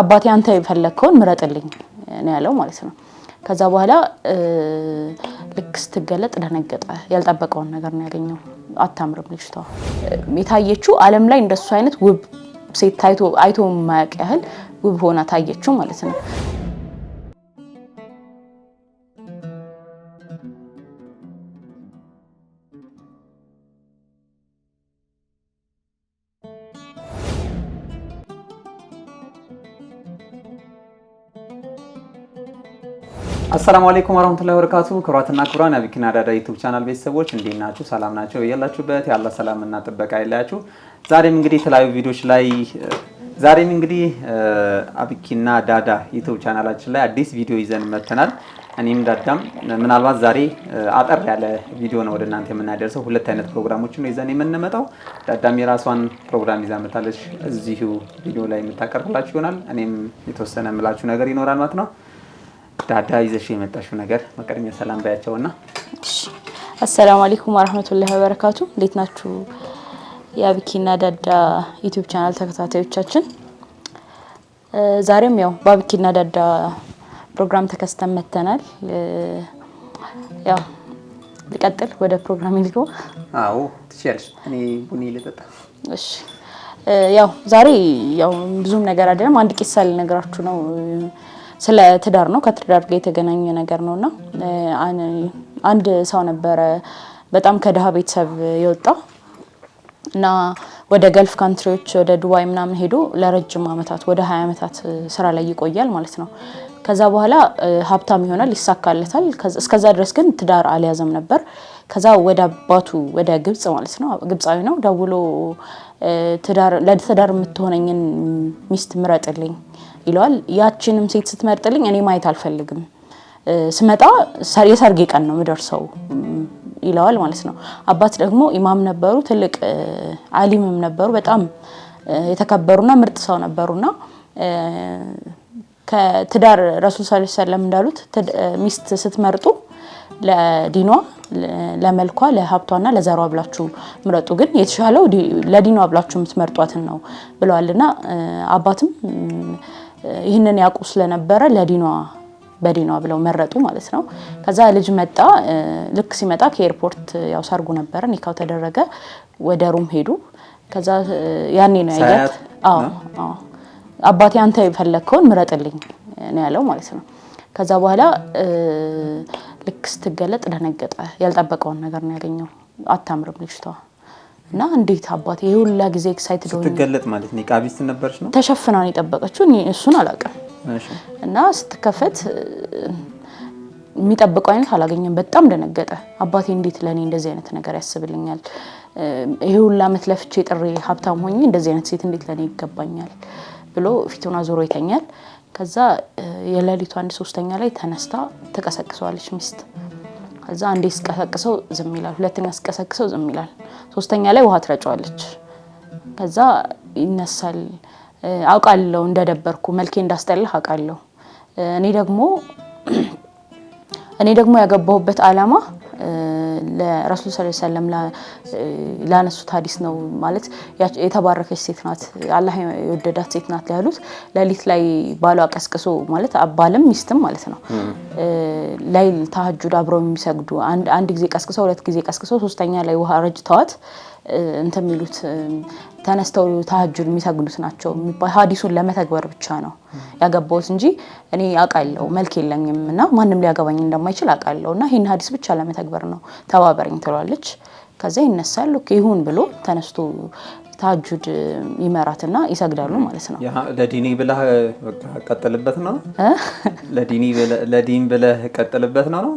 አባቴ አንተ የፈለግከውን ምረጥልኝ ነው ያለው ማለት ነው። ከዛ በኋላ ልክ ስትገለጥ ደነገጠ። ያልጠበቀውን ነገር ነው ያገኘው። አታምርም ልጅቷ። የታየችው ዓለም ላይ እንደሱ አይነት ውብ ሴት አይቶ የማያውቅ ያህል ውብ ሆና ታየችው ማለት ነው። አሰላሙ አለይኩም ወራህመቱላሂ ወበረካቱ። ክብራትና ክብራን አቢ ኪናዳዳ ዩቱብ ቻናል ቤተሰቦች እንዴት ናችሁ? ሰላም ናቸው እያላችሁበት ያለ ሰላምና ጥበቃ ይላችሁ። ዛሬም እንግዲህ የተለያዩ ቪዲዮዎች ላይ ዛሬም እንግዲህ አብኪና ዳዳ ዩቲዩብ ቻናላችን ላይ አዲስ ቪዲዮ ይዘን መጥተናል። እኔም ዳዳም ምናልባት ዛሬ አጠር ያለ ቪዲዮ ነው ወደ እናንተ የምናደርሰው። ሁለት አይነት ፕሮግራሞች ነው ይዘን የምንመጣው። ዳዳም የራሷን ፕሮግራም ይዛ መጣለች፣ እዚሁ ቪዲዮ ላይ የምታቀርብላችሁ ይሆናል። እኔም የተወሰነ የምላችሁ ነገር ይኖራል ማለት ነው። ዳዳ ይዘሽ የመጣሽው ነገር በቅድሚያ ሰላም ና አሰላሙ አሌይኩም ወራህመቱላሂ ወበረካቱ። እንዴት ናችሁ የአብኪና ዳዳ ዩቲዩብ ቻናል ተከታታዮቻችን? ዛሬም ያው በአብኪና ዳዳ ፕሮግራም ተከስተን መተናል። ያው ልቀጥል ወደ ፕሮግራም ይልከው። አዎ ትችያለሽ። እኔ ቡኒ ልጠጣ። እሺ ያው ዛሬ ያው ብዙም ነገር አይደለም። አንድ ቂሳ ልነግራችሁ ነው ስለ ትዳር ነው። ከትዳር ጋር የተገናኘ ነገር ነውና አንድ ሰው ነበረ በጣም ከድሀ ቤተሰብ የወጣ እና ወደ ገልፍ ካንትሪዎች ወደ ዱባይ ምናምን ሄዶ ለረጅም ዓመታት ወደ ሀያ ዓመታት ስራ ላይ ይቆያል ማለት ነው። ከዛ በኋላ ሀብታም ይሆናል፣ ይሳካለታል። እስከዛ ድረስ ግን ትዳር አልያዘም ነበር። ከዛ ወደ አባቱ ወደ ግብጽ ማለት ነው፣ ግብጻዊ ነው፣ ደውሎ ለትዳር የምትሆነኝን ሚስት ምረጥልኝ ይለዋል። ያችንም ሴት ስትመርጥልኝ እኔ ማየት አልፈልግም፣ ስመጣ የሰርጌ ቀን ነው ምደርሰው ይለዋል ማለት ነው። አባት ደግሞ ኢማም ነበሩ፣ ትልቅ አሊምም ነበሩ። በጣም የተከበሩና ምርጥ ሰው ነበሩና ከትዳር ረሱል ስ ሰለም እንዳሉት ሚስት ስትመርጡ ለዲኗ ለመልኳ ለሀብቷና ለዘሯ ብላችሁ ምረጡ፣ ግን የተሻለው ለዲኗ ብላችሁ የምትመርጧትን ነው ብለዋልና አባትም ይህንን ያውቁ ስለነበረ ለዲኗ በዲኗ ብለው መረጡ ማለት ነው። ከዛ ልጅ መጣ። ልክ ሲመጣ ከኤርፖርት ያው ሰርጉ ነበረ፣ ኒካው ተደረገ። ወደ ሩም ሄዱ። ከዛ ያኔ ነው ያያት። አባቴ አንተ የፈለግከውን ምረጥልኝ ነው ያለው ማለት ነው። ከዛ በኋላ ልክ ስትገለጥ ደነገጠ። ያልጠበቀውን ነገር ነው ያገኘው። አታምርም ልጅቷ እና እንዴት አባቴ የሁላ ጊዜ ኤክሳይትድ ስትገለጥ ማለት ኒቃብ ነበረች ነው ተሸፍናን የጠበቀችው። እሱን አላውቅም እና ስትከፈት የሚጠብቀው አይነት አላገኘም። በጣም ደነገጠ። አባቴ እንዴት ለእኔ እንደዚህ አይነት ነገር ያስብልኛል? ይሄ ሁላ ዓመት ለፍቼ ጥሬ ሀብታም ሆኜ እንደዚህ አይነት ሴት እንዴት ለእኔ ይገባኛል ብሎ ፊቱን አዞሮ ይተኛል። ከዛ የሌሊቱ አንድ ሶስተኛ ላይ ተነስታ ትቀሰቅሰዋለች ሚስት እዛ አንዴ ስቀሰቅሰው ዝም ይላል፣ ሁለተኛ ስቀሰቅሰው ዝም ይላል፣ ሶስተኛ ላይ ውሃ ትረጫዋለች። ከዛ ይነሳል። አውቃለሁ እንደደበርኩ መልኬ እንዳስጠላህ አውቃለሁ። እኔ ደግሞ እኔ ደግሞ ያገባሁበት አላማ ለረሱል ስ ሰለም ላነሱት ሀዲስ ነው ማለት የተባረከች ሴት ናት፣ አላህ የወደዳት ሴት ናት ያሉት ሌሊት ላይ ባሏ ቀስቅሶ ማለት አባልም ሚስትም ማለት ነው ላይ ተሀጁድ አብረው የሚሰግዱ አንድ ጊዜ ቀስቅሰው ሁለት ጊዜ ቀስቅሰው ሶስተኛ ላይ ውሃ ረጭተዋት እንትን የሚሉት ተነስተው ተሀጁድ የሚሰግዱት ናቸው የሚባል ሀዲሱን ለመተግበር ብቻ ነው ያገባሁት እንጂ እኔ አውቃለሁ መልክ የለኝም እና ማንም ሊያገባኝ እንደማይችል አውቃለሁ እና ይህን ሀዲስ ብቻ ለመተግበር ነው ተባበረኝ ትሏለች። ከዚያ ይነሳል ይሁን ብሎ ተነስቶ ተሀጁድ ይመራትና ይሰግዳሉ ማለት ነው። ለዲኒ ብለህ ቀጥልበት ነው ለዲን ብለህ ቀጥልበት ነው ነው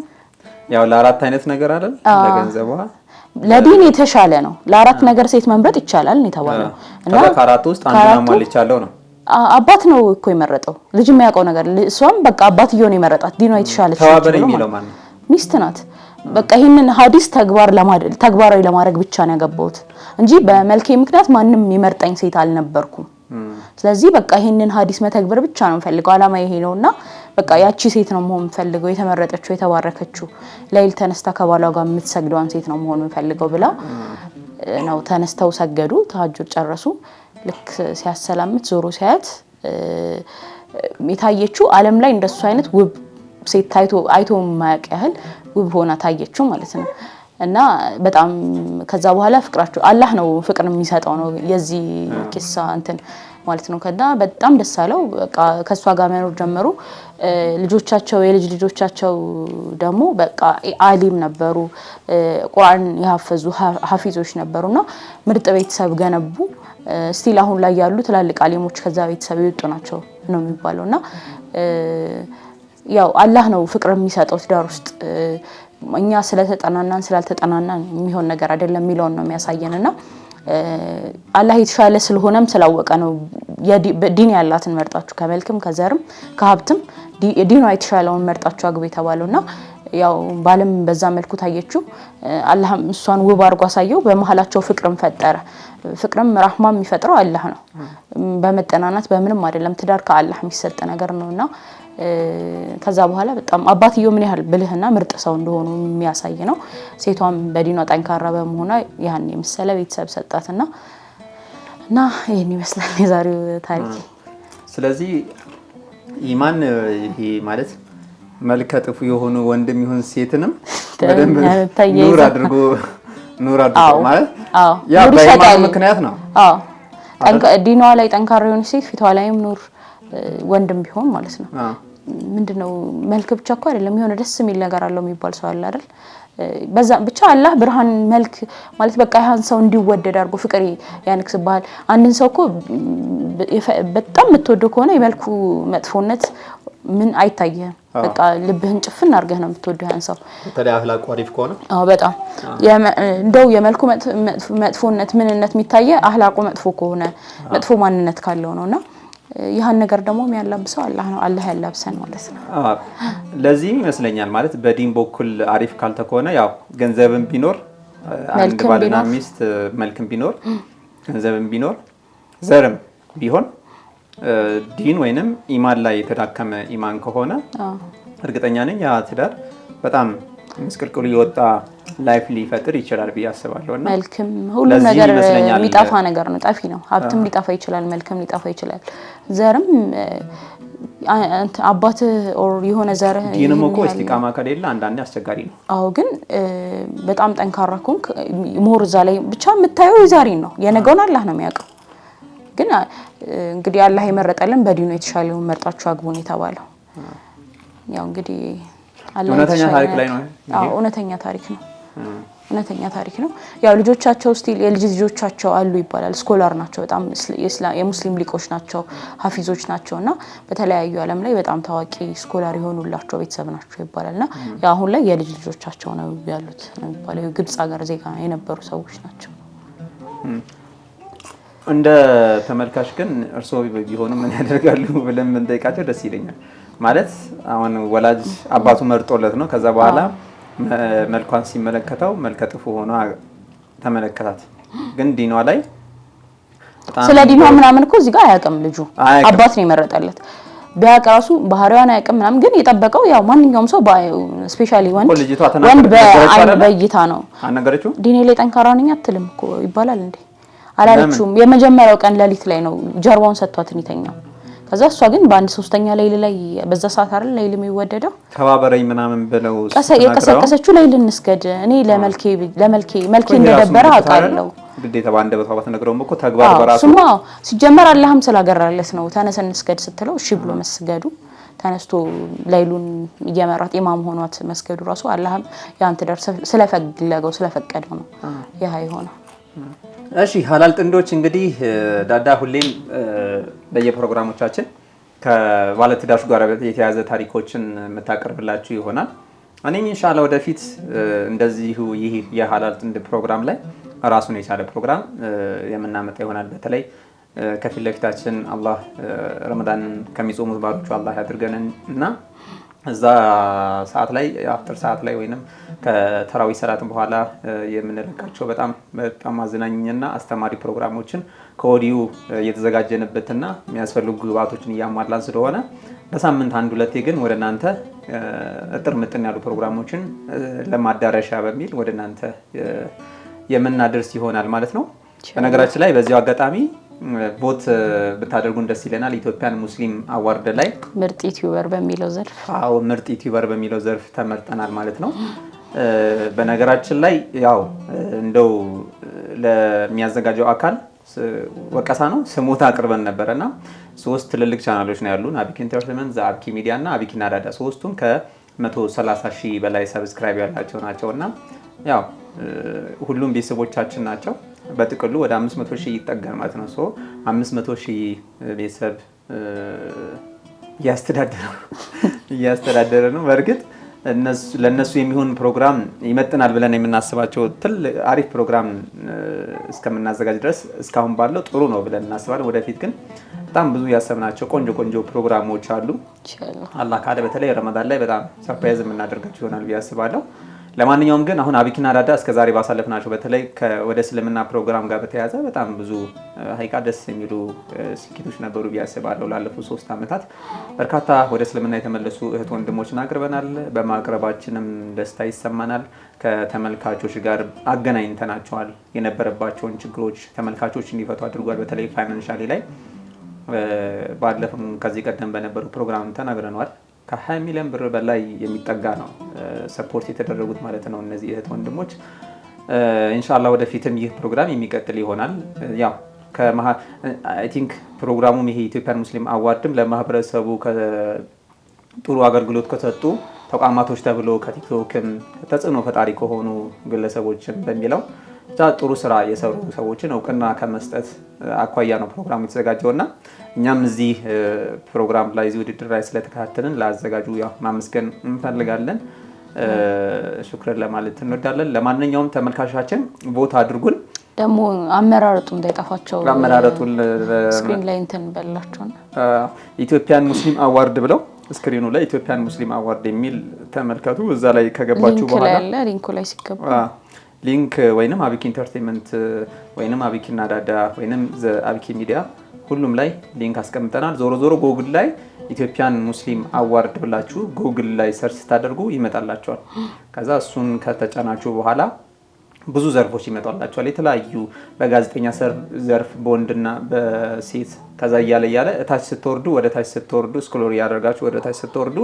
ያው ለአራት አይነት ነገር አይደል? ለገንዘቧ ለዲን የተሻለ ነው። ለአራት ነገር ሴት መምረጥ ይቻላል ነው የተባለው። እና ከአራት ውስጥ አንድ አንዱን አሟልቻለሁ ነው አባት ነው እኮ የመረጠው። ልጅ የሚያውቀው ነገር እሷም በቃ አባትየው ነው የመረጣት። ዲኗ የተሻለች ሚስት ናት። በቃ ይህንን ሀዲስ ተግባር ተግባራዊ ለማድረግ ብቻ ነው ያገባሁት እንጂ በመልኬ ምክንያት ማንም የመርጠኝ ሴት አልነበርኩም። ስለዚህ በቃ ይሄንን ሀዲስ መተግበር ብቻ ነው ፈልገው አላማ ይሄ ነው እና በቃ ያቺ ሴት ነው መሆን የምፈልገው፣ የተመረጠችው፣ የተባረከችው ለይል ተነስታ ከባሏ ጋር የምትሰግደዋን ሴት ነው መሆን የምፈልገው ብላ ነው ተነስተው ሰገዱ። ተሀጁድ ጨረሱ። ልክ ሲያሰላምት ዞሮ ሲያያት የታየችው ዓለም ላይ እንደሱ አይነት ውብ ሴት አይቶ የማያውቅ ያህል ውብ ሆና ታየችው ማለት ነው። እና በጣም ከዛ በኋላ ፍቅራቸው አላህ ነው ፍቅር የሚሰጠው ነው የዚህ ኪሳ እንትን ማለት ነው። ከዛ በጣም ደስ አለው። በቃ ከእሷ ጋር መኖር ጀመሩ። ልጆቻቸው የልጅ ልጆቻቸው ደግሞ በቃ አሊም ነበሩ፣ ቁርአን የሀፈዙ ሀፊዞች ነበሩና ምርጥ ቤተሰብ ገነቡ። ስቲል አሁን ላይ ያሉ ትላልቅ አሊሞች ከዛ ቤተሰብ የወጡ ናቸው ነው የሚባለው እና ያው አላህ ነው ፍቅር የሚሰጠው ትዳር ውስጥ እኛ ስለተጠናናን ስላልተጠናናን የሚሆን ነገር አይደለም የሚለውን ነው የሚያሳየን እና አላህ የተሻለ ስለሆነም ስላወቀ ነው ዲን ያላትን መርጣችሁ ከመልክም ከዘርም ከሀብትም ዲኗ የተሻለውን መርጣችሁ አግቡ የተባለው እና ያው ባለም በዛ መልኩ ታየችው። አላህም እሷን ውብ አድርጎ አሳየው። በመሀላቸው ፍቅርም ፈጠረ። ፍቅርም ራህማ የሚፈጥረው አላህ ነው፣ በመጠናናት በምንም አይደለም። ትዳር ከአላህ የሚሰጥ ነገር ነው እና ከዛ በኋላ በጣም አባትየው ምን ያህል ብልህና ምርጥ ሰው እንደሆኑ የሚያሳይ ነው። ሴቷም በዲኗ ጠንካራ በመሆኗ ያን የመሰለ ቤተሰብ ሰጣትና እና ይህን ይመስላል የዛሬው ታሪክ። ስለዚህ ኢማን ይሄ ማለት መልከ ጥፉ የሆኑ ወንድም ይሁን ሴትንም ኑር አድርጎ ኑር አድርጎ ማለት ያ በኢማን ምክንያት ነው። ዲኗ ላይ ጠንካራ የሆነች ሴት ፊቷ ላይም ኑር ወንድም ቢሆን ማለት ነው ምንድነው መልክ ብቻ እኮ አይደለም የሆነ ደስ የሚል ነገር አለው የሚባል ሰው አለ አይደል? በዛ ብቻ አላህ ብርሃን መልክ ማለት በቃ ያን ሰው እንዲወደድ አድርጎ ፍቅር ባህል አንድን ሰው እኮ በጣም የምትወደው ከሆነ የመልኩ መጥፎነት ምን አይታየህም። በቃ ልብህን ጭፍን አድርገህ ነው የምትወደው ያን ሰው። አዎ በጣም እንደው የመልኩ መጥፎነት ምንነት የሚታየ አህላቁ መጥፎ ከሆነ መጥፎ ማንነት ካለው እና ይህን ነገር ደግሞ የሚያላብሰው አላህ ነው። አላህ ያላብሰን ማለት ነው። ለዚህም ይመስለኛል ማለት በዲን በኩል አሪፍ ከሆነ ያው ገንዘብን ቢኖር አንድ ባልና ሚስት መልክም ቢኖር ገንዘብን ቢኖር ዘርም ቢሆን ዲን ወይንም ኢማን ላይ የተዳከመ ኢማን ከሆነ እርግጠኛ ነኝ ያ ትዳር በጣም ምስቅልቅሉ የወጣ ላይፍ ሊፈጥር ይችላል ብዬ አስባለሁ። እና መልክም ሁሉም ነገር የሚጠፋ ነገር ነው፣ ጠፊ ነው። ሀብትም ሊጠፋ ይችላል፣ መልክም ሊጠፋ ይችላል፣ ዘርም አባት የሆነ ዘር ዲንም እኮ ኢስቲቃማ ከሌለ አንዳንዴ አስቸጋሪ ነው። አዎ ግን በጣም ጠንካራ ኮንክ ሞር እዛ ላይ ብቻ የምታየው የዛሬ ነው፣ የነገውን አላህ ነው የሚያውቀው። ግን እንግዲህ አላህ የመረጠልን በዲኑ የተሻለውን መርጣችሁ አግቡን የተባለው ያው እንግዲህ እውነተኛ ታሪክ ላይ ነው። እውነተኛ ታሪክ ነው። እውነተኛ ታሪክ ነው። ያው ልጆቻቸው ስቲል የልጅ ልጆቻቸው አሉ ይባላል። ስኮላር ናቸው፣ በጣም የሙስሊም ሊቆች ናቸው፣ ሀፊዞች ናቸው እና በተለያዩ ዓለም ላይ በጣም ታዋቂ ስኮላር የሆኑላቸው ቤተሰብ ናቸው ይባላል እና አሁን ላይ የልጅ ልጆቻቸው ነው ያሉት ነው የሚባለው። ግብፅ ሀገር ዜጋ የነበሩ ሰዎች ናቸው። እንደ ተመልካች ግን እርስዎ ቢሆንም ምን ያደርጋሉ ብለን ምንጠይቃቸው ደስ ይለኛል። ማለት አሁን ወላጅ አባቱ መርጦለት ነው። ከዛ በኋላ መልኳን ሲመለከተው መልከ ጥፉ ሆኖ ተመለከታት። ግን ዲኗ ላይ ስለ ዲኗ ምናምን እኮ እዚህ ጋር አያውቅም ልጁ። አባት ነው የመረጠለት። ቢያቅ ራሱ ባህሪዋን አያውቅም ምናምን። ግን የጠበቀው ያው ማንኛውም ሰው ስፔሻሊ ወንድ በአይን በእይታ ነው። ዲኔ ላይ ጠንካራ ነኝ አትልም እኮ ይባላል እንዴ? አላለችውም። የመጀመሪያው ቀን ሌሊት ላይ ነው ጀርባውን ሰጥቷት የተኛው ከዛ እሷ ግን በአንድ ሶስተኛ ላይል ላይ በዛ ሰዓት አይደል ላይል የሚወደደው ተባበረኝ ምናምን ብለው የቀሰቀሰችው ላይልን እንስገድ እኔ ለመልኬ መልኬ እንደደበረ አውቃለሁ። ግዴታ በአንድ በተባባት ነግረውም እኮ ተግባር በራሱ ሲጀመር አላህም ስላገራለት ነው። ተነስ እንስገድ ስትለው እሺ ብሎ መስገዱ ተነስቶ ላይሉን እየመራት ኢማም ሆኗት መስገዱ ራሱ አላህም ያን ትዳር ስለፈለገው ስለፈቀደው ነው ያ የሆነው። እሺ ሀላል ጥንዶች እንግዲህ ዳዳ ሁሌም በየፕሮግራሞቻችን ከባለትዳሮች ጋር የተያዘ ታሪኮችን የምታቀርብላችሁ ይሆናል። እኔም ኢንሻላህ ወደፊት እንደዚሁ ይህ የሀላል ጥንድ ፕሮግራም ላይ ራሱን የቻለ ፕሮግራም የምናመጣ ይሆናል። በተለይ ከፊት ለፊታችን አላህ ረመዳንን ከሚጾሙት ባሮቹ አላህ ያድርገንን እና እዛ ሰዓት ላይ አፍጥር ሰዓት ላይ ወይም ከተራዊ ሰላት በኋላ የምንለቃቸው በጣም በጣም አዝናኝና አስተማሪ ፕሮግራሞችን ከወዲሁ እየተዘጋጀንበትና የሚያስፈልጉ ግብዓቶችን እያሟላን ስለሆነ በሳምንት አንድ ሁለቴ ግን ወደ እናንተ እጥር ምጥን ያሉ ፕሮግራሞችን ለማዳረሻ በሚል ወደ እናንተ የምናደርስ ይሆናል ማለት ነው። በነገራችን ላይ በዚያው አጋጣሚ ቦት ብታደርጉን ደስ ይለናል። ኢትዮጵያን ሙስሊም አዋርድ ላይ ምርጥ ዩቲዩበር በሚለው ዘርፍ አዎ፣ ምርጥ ዩቲዩበር በሚለው ዘርፍ ተመርጠናል ማለት ነው። በነገራችን ላይ ያው እንደው ለሚያዘጋጀው አካል ወቀሳ ነው ስሞታ አቅርበን ነበረ እና ሶስት ትልልቅ ቻናሎች ነው ያሉን አቢኪ ኢንተርቴንመንት፣ አብኪ ሚዲያ እና አቢኪ ናዳዳ ሶስቱም ከ130 ሺህ በላይ ሰብስክራይብ ያላቸው ናቸው እና ያው ሁሉም ቤተሰቦቻችን ናቸው። በጥቅሉ ወደ 500 ሺህ ይጠጋል ማለት ነው። 500 ሺህ ቤተሰብ እያስተዳደረ ነው በእርግጥ ለእነሱ የሚሆን ፕሮግራም ይመጥናል ብለን የምናስባቸው ትል አሪፍ ፕሮግራም እስከምናዘጋጅ ድረስ እስካሁን ባለው ጥሩ ነው ብለን እናስባለን። ወደፊት ግን በጣም ብዙ ያሰብናቸው ቆንጆ ቆንጆ ፕሮግራሞች አሉ። አላህ ካለ በተለይ ረመዳን ላይ በጣም ሰርፕራይዝ የምናደርጋቸው ይሆናል ብዬ አስባለሁ። ለማንኛውም ግን አሁን አቢኪና ዳዳ ባሳለፍ ናቸው በተለይ ወደ እስልምና ፕሮግራም ጋር በተያያዘ በጣም ብዙ ሀይቃ ደስ የሚሉ ስኬቶች ነበሩ ቢያስባለው ላለፉ ሶስት ዓመታት በርካታ ወደ እስልምና የተመለሱ እህት ወንድሞችን አቅርበናል። በማቅረባችንም ደስታ ይሰማናል። ከተመልካቾች ጋር አገናኝተናቸዋል። የነበረባቸውን ችግሮች ተመልካቾች እንዲፈቱ አድርጓል። በተለይ ፋይናንሻሊ ላይ ባለፍም ከዚህ ቀደም በነበሩ ፕሮግራም ተናግረነዋል። ከ20 ሚሊዮን ብር በላይ የሚጠጋ ነው ሰፖርት የተደረጉት ማለት ነው እነዚህ እህት ወንድሞች። እንሻላ ወደፊትም ይህ ፕሮግራም የሚቀጥል ይሆናል። ያው አይ ቲንክ ፕሮግራሙም ይሄ ኢትዮጵያን ሙስሊም አዋርድም ለማህበረሰቡ ጥሩ አገልግሎት ከሰጡ ተቋማቶች ተብሎ ከቲክቶክም ተጽዕኖ ፈጣሪ ከሆኑ ግለሰቦችም በሚለው እዛ ጥሩ ስራ የሰሩ ሰዎችን እውቅና ከመስጠት አኳያ ነው ፕሮግራሙ የተዘጋጀው እና እኛም እዚህ ፕሮግራም ላይ እዚህ ውድድር ላይ ስለተከታተልን ለአዘጋጁ ያው ማመስገን እንፈልጋለን። ሹክረን ለማለት እንወዳለን። ለማንኛውም ተመልካቻችን ቦታ አድርጉን። ደግሞ አመራረጡ እንዳይጠፋቸው አመራረጡን ስክሪን ላይ እንትን በላቸው ኢትዮጵያን ሙስሊም አዋርድ ብለው ስክሪኑ ላይ ኢትዮጵያን ሙስሊም አዋርድ የሚል ተመልከቱ። እዛ ላይ ከገባችሁ በኋላ ሊንኩ ላይ ሲገባ ሊንክ ወይም አቢኪ ኢንተርቴንመንት ወይም አቢኪ እናዳዳ ወይም አቢኪ ሚዲያ ሁሉም ላይ ሊንክ አስቀምጠናል። ዞሮ ዞሮ ጎግል ላይ ኢትዮጵያን ሙስሊም አዋርድ ብላችሁ ጎግል ላይ ሰርች ስታደርጉ ይመጣላቸዋል። ከዛ እሱን ከተጫናችሁ በኋላ ብዙ ዘርፎች ይመጣላቸዋል። የተለያዩ በጋዜጠኛ ዘርፍ በወንድና በሴት ከዛ እያለ እያለ እታች ስትወርዱ ወደ ታች ስትወርዱ ስክሎር ያደርጋችሁ ወደ ታች ስትወርዱ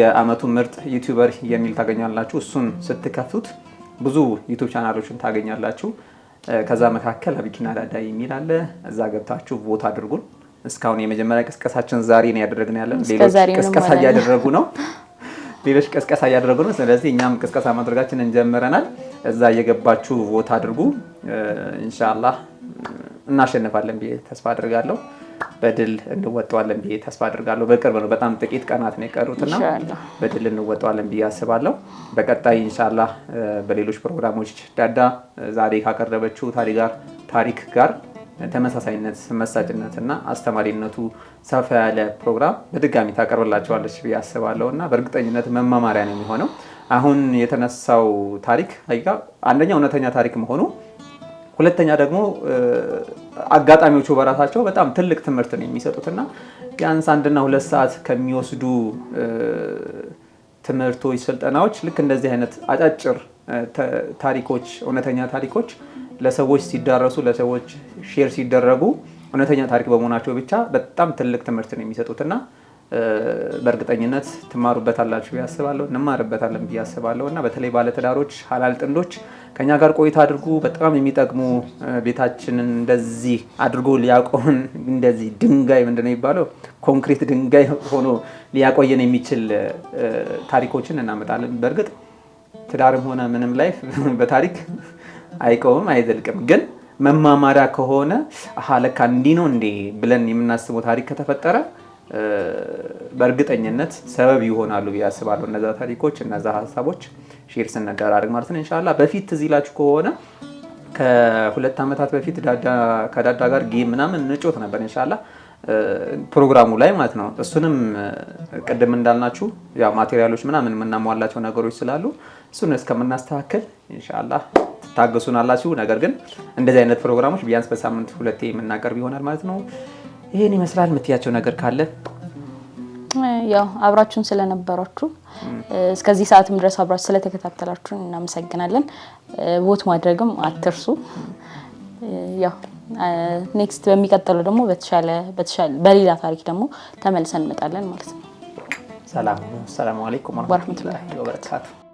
የአመቱ ምርጥ ዩቲዩበር የሚል ታገኛላችሁ። እሱን ስትከፍቱት ብዙ ዩቱብ ቻናሎችን ታገኛላችሁ። ከዛ መካከል አቢኪና ዳዳ የሚል አለ። እዛ ገብታችሁ ቮት አድርጉን። እስካሁን የመጀመሪያ ቅስቀሳችን ዛሬ ነው ያደረግን ያለን። ሌሎች ቅስቀሳ እያደረጉ ነው ሌሎች ቅስቀሳ እያደረጉ ነው። ስለዚህ እኛም ቅስቀሳ ማድረጋችን እንጀምረናል። እዛ እየገባችሁ ቮት አድርጉ። ኢንሻላህ እናሸንፋለን ብዬ ተስፋ አድርጋለሁ። በድል እንወጣዋለን ብዬ ተስፋ አድርጋለሁ። በቅርብ ነው፣ በጣም ጥቂት ቀናት ነው የቀሩትና በድል እንወጠዋለን ብዬ አስባለሁ። በቀጣይ እንሻላ በሌሎች ፕሮግራሞች ዳዳ ዛሬ ካቀረበችው ታሪክ ጋር ተመሳሳይነት መሳጭነትና አስተማሪነቱ ሰፋ ያለ ፕሮግራም በድጋሚ ታቀርብላቸዋለች ብዬ አስባለሁ እና በእርግጠኝነት መማማሪያ ነው የሚሆነው። አሁን የተነሳው ታሪክ አንደኛ እውነተኛ ታሪክ መሆኑ ሁለተኛ ደግሞ አጋጣሚዎቹ በራሳቸው በጣም ትልቅ ትምህርት ነው የሚሰጡትና ቢያንስ አንድና ሁለት ሰዓት ከሚወስዱ ትምህርቶች፣ ስልጠናዎች ልክ እንደዚህ አይነት አጫጭር ታሪኮች፣ እውነተኛ ታሪኮች ለሰዎች ሲዳረሱ ለሰዎች ሼር ሲደረጉ እውነተኛ ታሪክ በመሆናቸው ብቻ በጣም ትልቅ ትምህርት ነው የሚሰጡትና በእርግጠኝነት ትማሩበታላችሁ ብዬ አስባለሁ። እንማርበታለን ብዬ አስባለሁ እና በተለይ ባለትዳሮች፣ ሀላል ጥንዶች ከኛ ጋር ቆይታ አድርጉ። በጣም የሚጠቅሙ ቤታችንን እንደዚህ አድርጎ ሊያቆን እንደዚህ ድንጋይ ምንድነው የሚባለው ኮንክሪት ድንጋይ ሆኖ ሊያቆየን የሚችል ታሪኮችን እናመጣለን። በእርግጥ ትዳርም ሆነ ምንም ላይፍ በታሪክ አይቀውም፣ አይዘልቅም ግን መማማሪያ ከሆነ አሀ ለካ እንዲህ ነው እንዴ ብለን የምናስበው ታሪክ ከተፈጠረ በእርግጠኝነት ሰበብ ይሆናሉ ብዬ አስባለሁ። እነዛ ታሪኮች፣ እነዛ ሀሳቦች ሼር ስንደራረግ ማለት ነው። እንሻላ በፊት ትዝ ይላችሁ ከሆነ ከሁለት ዓመታት በፊት ከዳዳ ጋር ጌም ምናምን እንጮት ነበር እንሻላ ፕሮግራሙ ላይ ማለት ነው። እሱንም ቅድም እንዳልናችሁ ያው ማቴሪያሎች ምናምን የምናሟላቸው ነገሮች ስላሉ እሱን እስከምናስተካከል እንሻላ ትታገሱናላችሁ። ነገር ግን እንደዚህ አይነት ፕሮግራሞች ቢያንስ በሳምንት ሁለቴ የምናቀርብ ይሆናል ማለት ነው። ይሄን ይመስላል የምትያቸው ነገር ካለ ያው አብራችሁን ስለነበራችሁ እስከዚህ ሰዓትም ድረስ አብራችሁ ስለተከታተላችሁን እናመሰግናለን። ቦት ማድረግም አትርሱ። ያው ኔክስት በሚቀጥለው ደግሞ በተሻለ በተሻለ በሌላ ታሪክ ደግሞ ተመልሰን እንመጣለን ማለት ነው። ሰላም ሰላም አለይኩም ወራህመቱላሂ ወበረካቱ